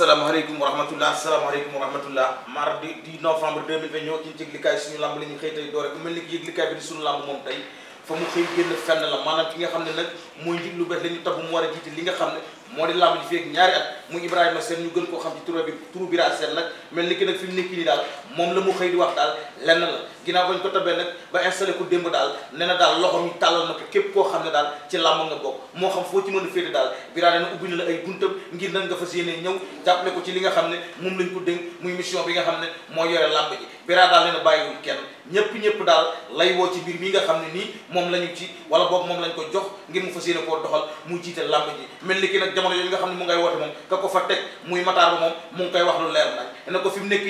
asalaamaaleykum wa rahmatullah asalaamaaleykum wa rahmatullah mardi di novembre 2020 ñoo ci yëglikaay suñu lamb la ñu xëy tey doore ku mel ni ki yëglikaay bi di suñu lamb moom tey fa mu xëy génn fenn la maanaam ki nga xam ne nag mooy njiit lu bees la ñu mu war a jiite li nga xam ne moo di lamb ji feek ñaari at muy Ibrahima Sène ñu gën koo xam ci tur bi turu Bira Sène nag mel ni ki nag fi mu nekk nii daal moom la mu xëy di wax daal lenn la ginnaaw bañ ko tabee nag ba installé ko démb daal nee na daal loxo mi tàllal na ko képp koo xam ne daal ci làmb nga bokk moo xam foo ci mën a féete daal biraa nee na ubbi na la ay buntam ngir nan nga fas yéene ñëw jàppale ko ci li nga xam ne moom lañ ko dénk muy mission bi nga xam ne moo yore làmb ji biraa daal nee na bàyyiwul ñëpp daal lay woo ci mbir mi nga xam ne moom la ñu ci wala boog moom lañ ko jox ngir mu fas yéene koo doxal mu jiite làmb ji mel ni ki nag jamono yooyu nga xam ne mu ngay woote moom ka ko fa teg muy mataar moom mu ngi koy wax lu leer nag ne ko fi mu nekk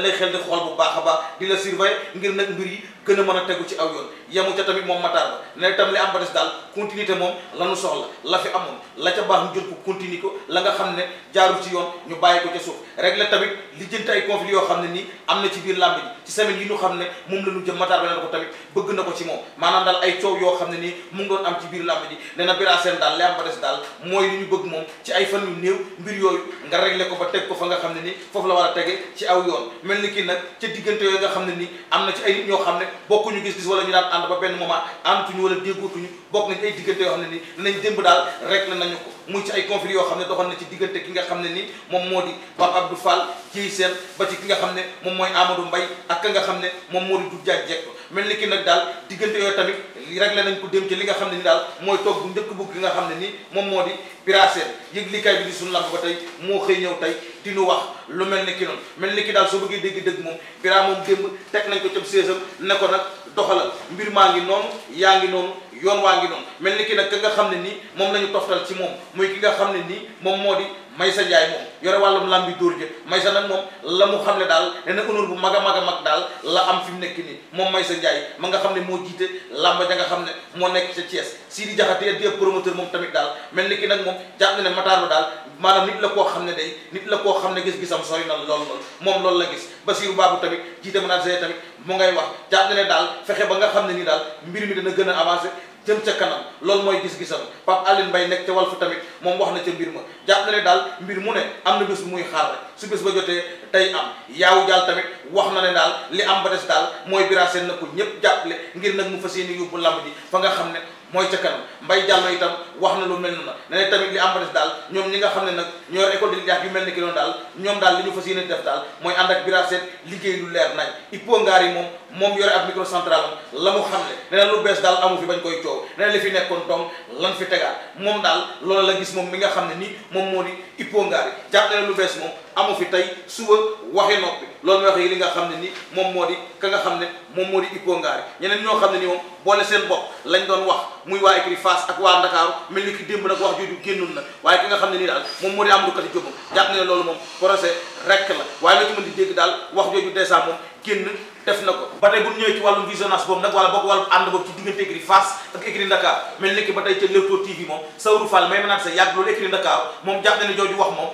lay xel di bu baax a baax di la surveiller ngir nag mbir yi gën a mën a tegu ci aw yoon yemu ca tamit moom Matar Ba ne tam li am ba des daal continuité moom la nu soxla la amoon la ca baax ñu jël ko continuer ko la nga xam ne jaarul ci yoon ñu bàyyi ko ca suuf régler tamit li ay conflits yoo xam ne nii am na ci biir làmb ji ci yi ñu xam ne moom la ñu jëm Matar Ba ko tamit bëgg na ko ci moom maanaam daal ay coow yoo xam ne nii mu ngi doon am ci biir làmb ji nee na Bira Sène daal li am des daal mooy li ñu bëgg moom ci ay fan yu néew mbir yooyu nga régler ko ba teg ko fa nga xam ne nii foofu la war a tege ci aw yoon mel ni kii nag ca diggante yooyu nga xam ne nii am na ci ay nit ñoo xam ne bokkuñu gis-gis wala ñu daan ànd ba benn moment àndutuñu wala déggootuñu bokk nañ ay diggante yoo xam ne nii danañ démb daal réglé nañu ko muy ci ay conflits yoo xam ne doxoon na ci diggante ki nga xam ne nii moom moo di Pape Abdou Fall ci seen ba ci ki nga xam ne moom mooy Amadou mbay ak ka nga xam ne moom moo di du jaaj mel ni ki nag daal diggante yooyu tamit réglé nañ ko dem ci li nga xam ne ni daal mooy toog bu njëkk bu nga xam ne ni moom moo di biraseen yëg bi di suñu lamb ba moo xëy ñëw tey di nu wax lu mel ni ki noonu mel ni daal soo bëggee dégg dëgg moom bira moom démb teg nañ ko cam séesam ne ko nag doxalal mbir maa ngi noonu yaa ngi noonu yoon waa ngi noonu mel ni ki nag ka nga xam ne nii moom la ñu ci moom muy ki nga xam ne nii moom moo di may sa njaay moom yore wàllum làmbi dóor ja may sa nag moom la mu xam ne daal dana honneur bu mag a mag a mag daal la am fi mu nekk nii moom may sa njaay ma nga xam ne moo jiite làmba ja nga xam ne moo nekk ca Thiès Sidi Diakhaté di promoteur moom tamit daal mel ni ki nag moom jàpp na ne Matar daal maanaam nit la koo xam ne day nit la koo xam ne gis-gisam sori na lool lool moom loolu la gis Basiru Baabu tamit jiite manager tamit mu ngay wax jàpp daal fexe ba nga xam ne nii daal mbir mi dana gën a avancé jëm ca kanam loolu mooy gis-gisam Pape Aline mbay nekk ca waltu tamit moom wax na ca mbir ma jàpp na ne daal mbir mu ne am na bés bu muy xaar rek su bés ba jotee tey am yaawu jaal tamit wax na ne daal li am ba des daal mooy biraaseen na ko ñëpp jàppale ngir nag mu fas yéene yóbbu làmb ji fa nga xam ne mooy ca kanam Mbaye Diallo itam wax na lu mel noonu ne ne tamit li am ba daal ñoom ñi nga xam ne nag ñoo yor école de l'élevage yu mel ni ki noonu daal ñoom daal li ñu fas yéene def daal mooy ànd ak Bira liggéey lu leer nañ Hippo yi moom moom yore ab micro central xam ne ne lu bees daal amu fi bañ koy coow ne li fi nekkoon dong lan fi tegaat moom daal loolu la gis moom mi nga xam ne ni moom moo di Hippo Ngary jàpp na lu bees amu fi tey su suba waxe noppi loolu mooy wax yi li nga xam ne ni moom moo di ka nga xam ne moom moo di Hippo Ngary ñeneen ñoo xam ne ni moom boole seen bopp lañ doon wax muy waa écurie Fass ak waa Ndakaaru mel ni ki démb nag wax jooju génnul nag waaye ki nga xam ne nii daal moom moo di am lu kati jóbam jàpp ne loolu moom procès rek la waaye la ci di dégg daal wax jooju dèjà moom génn def na ko ba tey bu ñëwee ci wàllum visionnage boobu nag wala boog wàllum ànd boobu ci diggante écurie Fass ak écurie Dakar mel ni ki ba tey ca Leewtoo TV moom Saourou Fall may manaat sa yàgg loolu écurie Dakar moom jàpp ne ne jooju wax moom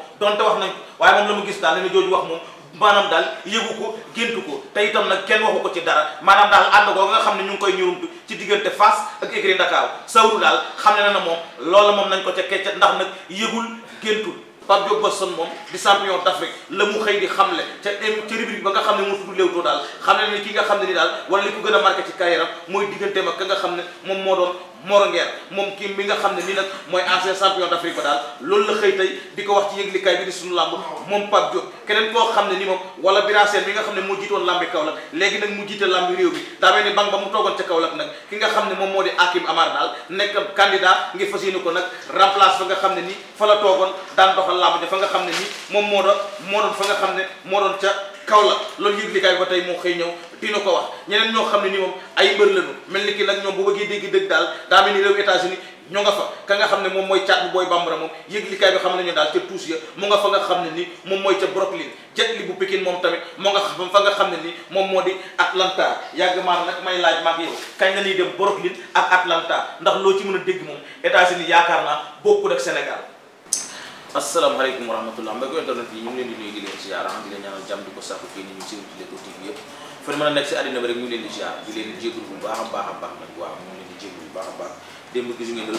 maanaam daal yëgu ko géntu ko te itam nag kenn waxu ko ci dara maanaam daal ànd googu nga xam ne ñu ngi koy ñurumtu ci diggante fas ak écurie Dakar Sawru daal xam ne na moom loola moom nañ ko ca keccat ndax nag yëgul géntu Pape Diop Boston moom di champion d'Afrique la mu xëy di xamle ca ca rubrique ba a marqué nga xam ne moom daal loolu la xëy tey di ko wax ci bi nga xam ne moo jiitoon làmbi Kaolack léegi nag mu jiite làmbi réew mi daa ba nga xam ne moom moo di Hakim Amar daal nekk candidat ngir fas ko nag remplace fa nga xam ne ni fa la toogoon daan doxal doon làmb ja fa nga xam ne nii moom moo doon moo doon fa nga xam ne moo doon ca kaw la loolu yëglikaay ba tey moo xëy ñëw dina ko wax ñeneen ñoo xam ne nii moom ay mbër lañu mel ni ki nag ñoom bu bëggee dégg dëgg daal daa mel ñoo nga fa ka nga xam ne moom mooy caat bu booy bambara moom yëglikaay xam nañu daal ca tuus moom mooy Brooklyn jet bu Pikine moom tamit moo nga xam fa nga xam ne nii moom moo di Atlanta yàgg maar nag may laaj maag yow kañ la ñuy dem Brooklyn ak Atlanta ndax loo ci mën a dégg moom États-Unis yaakaar naa bokkul ak Sénégal asalaamaaleykum wa rahmatullah mbokk internet yi ñu ngi leen di nuyu di leen ziar di leen ñaanal jàmm di ko sàkku ci ñu ci Leewtoo TV yëpp fu ñu mën a nekk si àddina bi rek ñu ngi leen di ziar leen jégalu bu a baax a baax nag ñu ngi leen di jégalu bu baax a baax démb gisu ngeen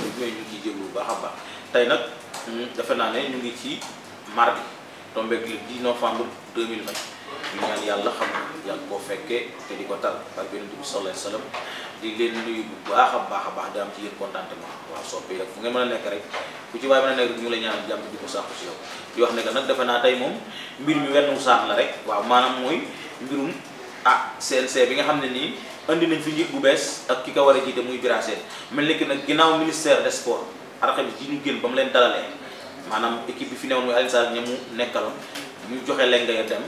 bu baax a baax tey nag hmm, defe naa ne ñu ngi ci mardi tombeeg le 10 novembre 2020 ñu ñaan yàlla xam yàlla koo fekkee te di ko tal barke yonent bi sallallahu alayhi wasallam di leen nuyu bu baax a baax a baax di am ci yéen contentement waaw soppe yi rek nekk rek ku a nekk ñu la ñaan jàmm di ko ne que nag defe naa tey moom mbir mi wenn saax la rek waaw maanaam mooy mbirum ah CNC bi nga xam ne nii andi nañ fi njiit bu bees ak ki ko war a jiite muy Bira Sène mel ni nag ginnaaw ministère des sports alxames ji ñu génn ba mu leen dalalee maanaam équipe bi fi newoon muy Alioune Sarr ñu joxe leen ngay dem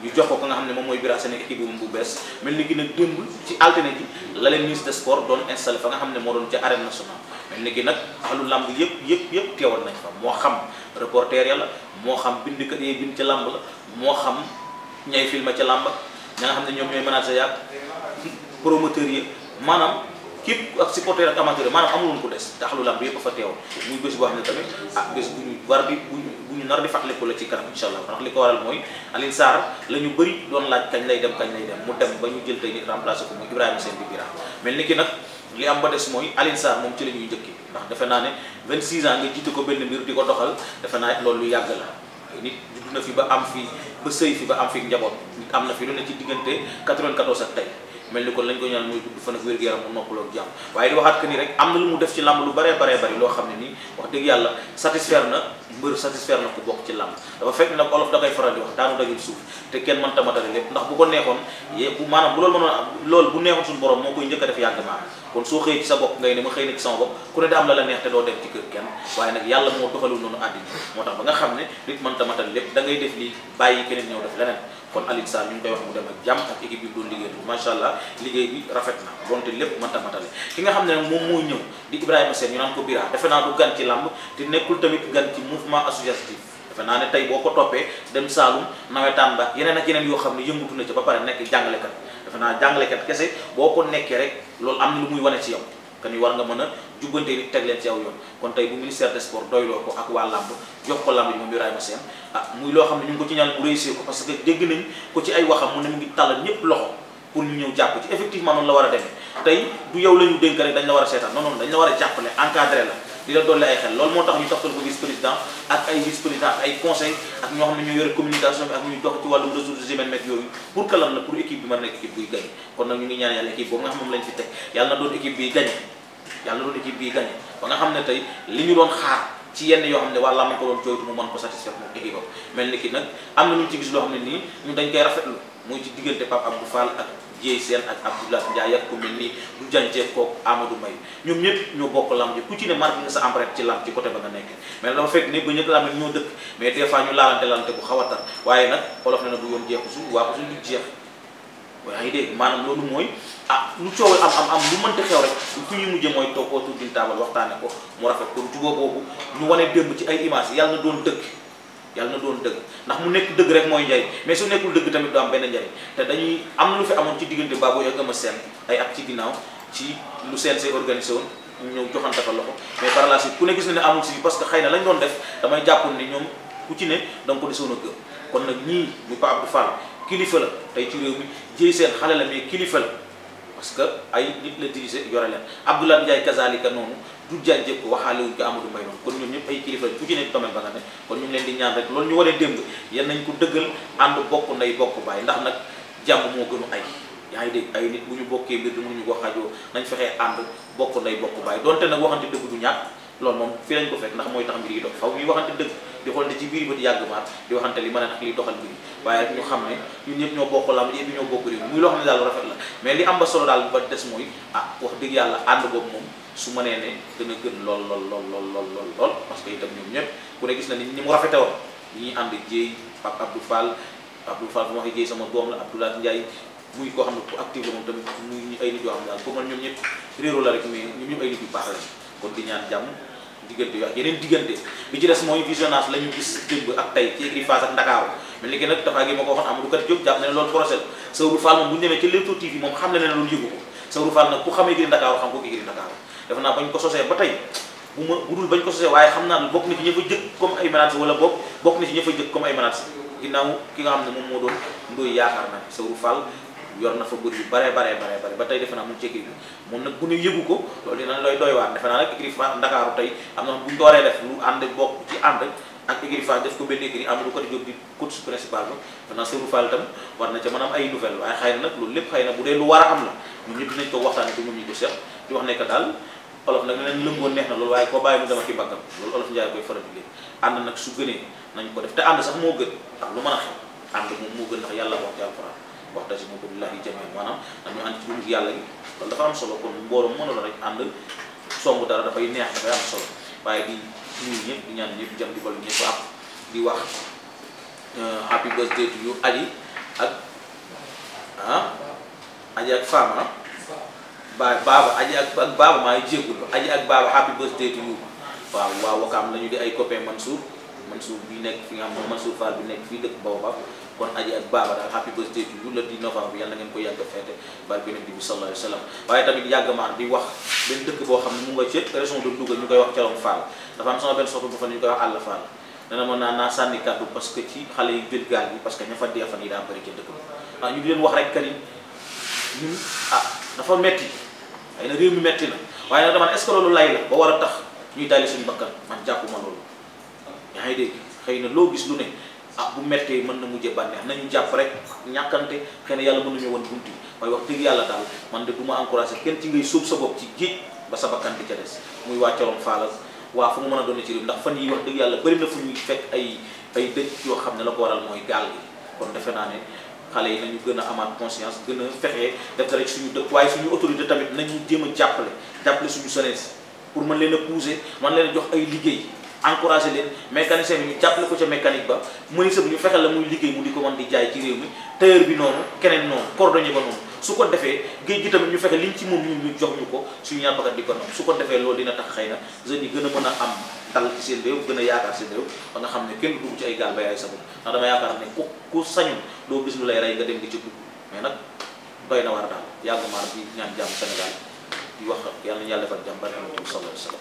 ñu jox ko ko nga xam ne moom mooy Bira Sène équipe bu bees mel ni ki nag démb ci altine ji la leen ministre des sports doon installé fa nga xam ne moo doon ca arène nationale mel ni ki nag xalu làmb yëpp yëpp yëpp teewal nañ fa moo xam reporter ya la moo xam bindkat yi bind ca làmb la moo xam ñay filma ca làmb ña nga xam ne ñoom ñooy manager ya promoteur yi maanaam képp ak supporter ak amateur maanaam amul woon ko des ndax lu lamb yëpp fa teewoon muy bés boo xam ne tamit ah bés bu ñu war di bu ñu nar la ci kanam incha allah ndax li ko waral mooy Alioune Sarr la ñu bëri doon laaj kañ lay dem kañ lay dem mu dem ba ñu jël te nit remplacé ko muy Ibrahima Sène bi Bira mel ni ki nag li am ba des mooy Alioune moom ci la ñuy njëkki ndax defe naa ne 26 ans nga jiite ko benn mbir di ko doxal defe naa loolu lu yàgg la nit judd na fi ba am fi ba sëy fi ba am fi njaboot am na fi ci diggante 94 ak tey mel ni kon lañ ko ñaan mooy gudd fan ak wér gu yaram mu noppaloo ak jàmm waaye di waxaat que ni rek am na lu mu def ci làmb lu baree baree bari loo xam ne nii wax dëgg yàlla satisfaire na mbër satisfaire na ko bokk ci làmb dafa fekk nag olof da koy faral di wax daanu dagil suuf te kenn mën tamatale lépp ndax bu ko neexoon bu maanaam bu loolu loolu bu neexoon suñu borom moo koy njëkk a def kon soo xëyee sa bopp ngay ma xëy na ci sama bopp ku ne dem ci kër kenn waaye nag yàlla moo doxalu noonu àddina moo tax ba nga xam ne nit mën tamatale lépp dangay ngay def lii bàyyi keneen ñëw def leneen kon Alioune Sarr ñu ngi koy wax mu dem ak jàmm ak équipe bi doon liggéey masha Allah liggéey bi rafet na bonte lépp mënta matale ki nga xam ne moom moo ñëw di Ibrahima Sène ñu naan ko Bira defe naa du gan ci làmb te nekkul tamit gan ci mouvement associatif defe naa ne tey boo ko toppee dem Saalum nawetaan ba yeneen ak yeneen yoo xam ne yëngatu na ci ba pare nekk jàngalekat defe naa jàngalekat kese boo ko nekkee rek loolu am na lu muy wane ci yow que ni war nga mën a jubbante nit teg ci aw yoon kon tey bu ministère des sports doyloo ko ak waa làmb jox moom Ibrahima Sène ah muy loo xam ne ñu ngi ko ci ñaan mu parce que dégg nañ ko ay waxam mu mu ngi tàllal ñëpp loxo pour ñu ñëw jàpp ci effectivement noonu la war a demee tey du yow la ñu rek dañ la war a seetaan non non dañ la war a jàppale encadré la di la dolli ay xel loolu moo tax ñu toftal ko vice président ak ay vice président yooyu pour que la pour équipe bi mën nekk équipe buy gañ kon nag ñu ngi ñaan yàlla équipe boobu nga nga xam ne tey li ñu doon xaar ci yenn yoo xam ne wàlla man ko doon jooytu mu mën ko satisfaire moom équipe mel ni ki nag am na ñu ci gis loo Dieye Sène ak Abdoulaye Ndiaye ak ku mel ni du janjeeg kook Amadou Mbaye ñoom ñëpp ñoo bokk lam ji ku ci ne marqué nga sa empreinte ci lam ci côté ba nga nekk mais dafa fekk ne ba ñëpp lam ñoo dëkk mais des ñu laalante laalante bu xaw a waaye nag xolof na na bu yoon jeexu suuf waa ko suñu jeex waaye dégg maanaam loolu mooy ah lu coowal am am am lu mënti xew rek ku ñu mujje mooy toog autour waxtaane ko mu rafet kon jubóo boobu ñu wane démb yàlla na doon dëgg ndax mu nekk dëgg rek mooy njariñ mais su nekkul dëgg tamit du am benn njariñ te dañuy am na lu fi amoon ci diggante Baboy ak Eumeu seen ay at ci ginnaaw ci lu CNG organisé mu ñëw joxante ko loxo mais par la suite ku ne gis na ne amul si parce que xëy na lañ doon def damay jàppoon ne ñoom ku ci ne da ko desoon a gëm kon nag ñii muy Pape Abdou Fall kilifa la tey ci réew mi jéy seen xale la mais kilifa la parce que ay nit la dirigé yore leen Abdoulaye Ndiaye kazalika noonu du jàjjee ko waxaale wuñ ko Amadou Mbaye noonu kon ñun ñëpp ay kilifa ku ci nekk domaine ba nga ne kon ñu leen di ñaan rek loolu ñu war a démb yan nañ ko dëggal ànd bokk nday bokk baay ndax nag jàmm moo gënu ay yaa ngi dégg ay nit bu ñu bokkee mbir di ñu ko xajoo nañ fexee ànd bokk nday bokk bàyyi donte nag waxante dëgg du ñàkk loolu moom fii lañ ko fekk ndax mooy tax mbir yi dox faw ñuy waxante dëgg di xoolante ci biir bët yàgg baat di waxante li mën a ak li doxal mbir ñoo bokk lam yëpp ñoo bokk muy loo xam ne daal lu rafet la mais li am ba solo daal ba des mooy ah dëgg yàlla ànd boobu moom su mënee ne dana gën lool lool lool lool lool lool lool parce que itam ñoom ñëpp ku ni ni rafete woon ñuy ànd jéey Pape Abdou Fall Abdou Fall bu ma waxee jéey sama doom la Abdoulaye Ndiaye muy koo xam ne ku active la moom tamit muy ay nit yoo xam ne daal pour man ñoom ñëpp réeru la rek mais ñoom ñëpp ay nit yu baax la kon di ñaan jàmm diggante yi ak yeneen diggante li ci des mooy visionnage la ñu gis démb ak tey ci écurie Fass ak Ndakaaru mais léegi a dafa gi ma ko waxoon Amadou Kat Diop jàpp na ne loolu procès la Sawru Fall moom bu ñu demee ci Leewtoo TV moom xam na ne loolu yëgu ko Sawru Fall nag ku xamee écurie Ndakaaru xam ko écurie Ndakaaru def naa bañ ko sosee ba tey bu ma bu dul bañ ko sosee waaye xam naa bokk na ci ña fa jëkk comme ay menaces wala bokk bokk na ci ña fa jëkk comme ki nga xam ne moo doon ndoy yaakaar na Sawru yor na fa mbër yu bare bare bare ba tey defe naa mu ngi ci écurie moom nag bu ne yëgu ko loolu dina looy tooy waar defe naa nag écurie Fass Ndakaaru tey am na def lu ànd bokk ci ànd ak écurie def ko benn écurie am lu ko di jóg di coach tam war na ca mën am ay nouvelle waaye xëy na nag lépp xëy na bu dee lu ko waxtaane ko ñoom ñi daal olof nag nenañ lëngoon neex na loolu waaye koo bàyyi mu dama ki baggam loolu olof Njaay koy nañ ko def te ànd sax moo gën ndax lu mën a xew ànd moom moo gën ndax yàlla wax ci alxuraan wax daje mu ko billahi jamiin maanaam dañu ànd ci dugub yàlla gi loolu dafa am solo kon mbooloo mën a la rek ànd songu dara dafay neex dafay am solo waaye di nuyu ñëpp di ñaan ñëpp jam di bal ñëpp ak di wax euh, happy birthday to you Aji ak ah happy birthday to you waaw waaw Wakaam la ñu di ay copain man Mansour bi nekk fi nga xam ne Mansour Fall bi nekk fii dëkk Baobab kon aji ak baaba daal happy birthday to you le 10 novembre yàlla na ngeen ko yàgg a feete barke yonent bi sallallahu alayhi wa sallam waaye tamit yàgg maar di wax benn dëkk boo xam ne mu nga ci région de Louga ñu koy wax Calom Fall dafa am sama benn soxna bu fa ne ñu koy wax Àll Fall dana mën naa naa sànni kàddu parce que ci xale yu jël gaal bi parce que ña fa dee fan yi daa bëri ca dëkk bi ah ñu di leen wax rek kani ñun ah dafa metti ay na réew mi metti na waaye nag dama est-ce que loolu lay la ba war a tax ñuy daali suñu bakkan man jàppuma loolu yaa ngi dégg xëy na loo gis lu ne ak ah, bu méttee mën na mujjee bànneex nañu jàpp rek ñàkkante xëy na yàlla mën nañu woon bunti waaye wax dëgg yàlla daal man de du ma encouragé kenn ci ngay suub sa bopp ci géej ba sa bakkan di ca des muy waa Corom Fala waa fu mu mën a doon ci réew ndax fan yi wax dëgg yàlla bëri na fu ñuy fekk ay ay dëj yoo xam ne la ko waral mooy gaal gi kon defe naa ne xale yi nañu gën a amaat conscience gën a fexe def rek suñu dëkk waaye suñu autorité tamit nañu jéem a jàppale jàppale suñu jeunesse pour mën leen a pousser mën leen jox ay liggéey encouragé leen mécanicien bi ñu jàppale ko ca mécanique ba menuisier bi ñu fexe la muy liggéey mu di ko mën di jaay ci réew mi tailleur bi noonu keneen noonu cordonnier ba noonu su ko defee géej gi tamit ñu fexe liñ ci moom ñu ñu jox ñu ko suñu yàppkat di ko noonu su ko defee loolu dina tax xëy na jeunes yi gën a mën a am dal ci seen réew gën a yaakaar seen réew nga xam ne kenn dugg ci ay gaal ba yaay sa bopp ndax dama yaakaar ne ku ku sañul doo gis lu lay rey nga dem mais nag doy na war daal yàgg maar bi ñaan jàmm Sénégal wax yàlla na yàlla defal jàmm barke sallallahu alayhi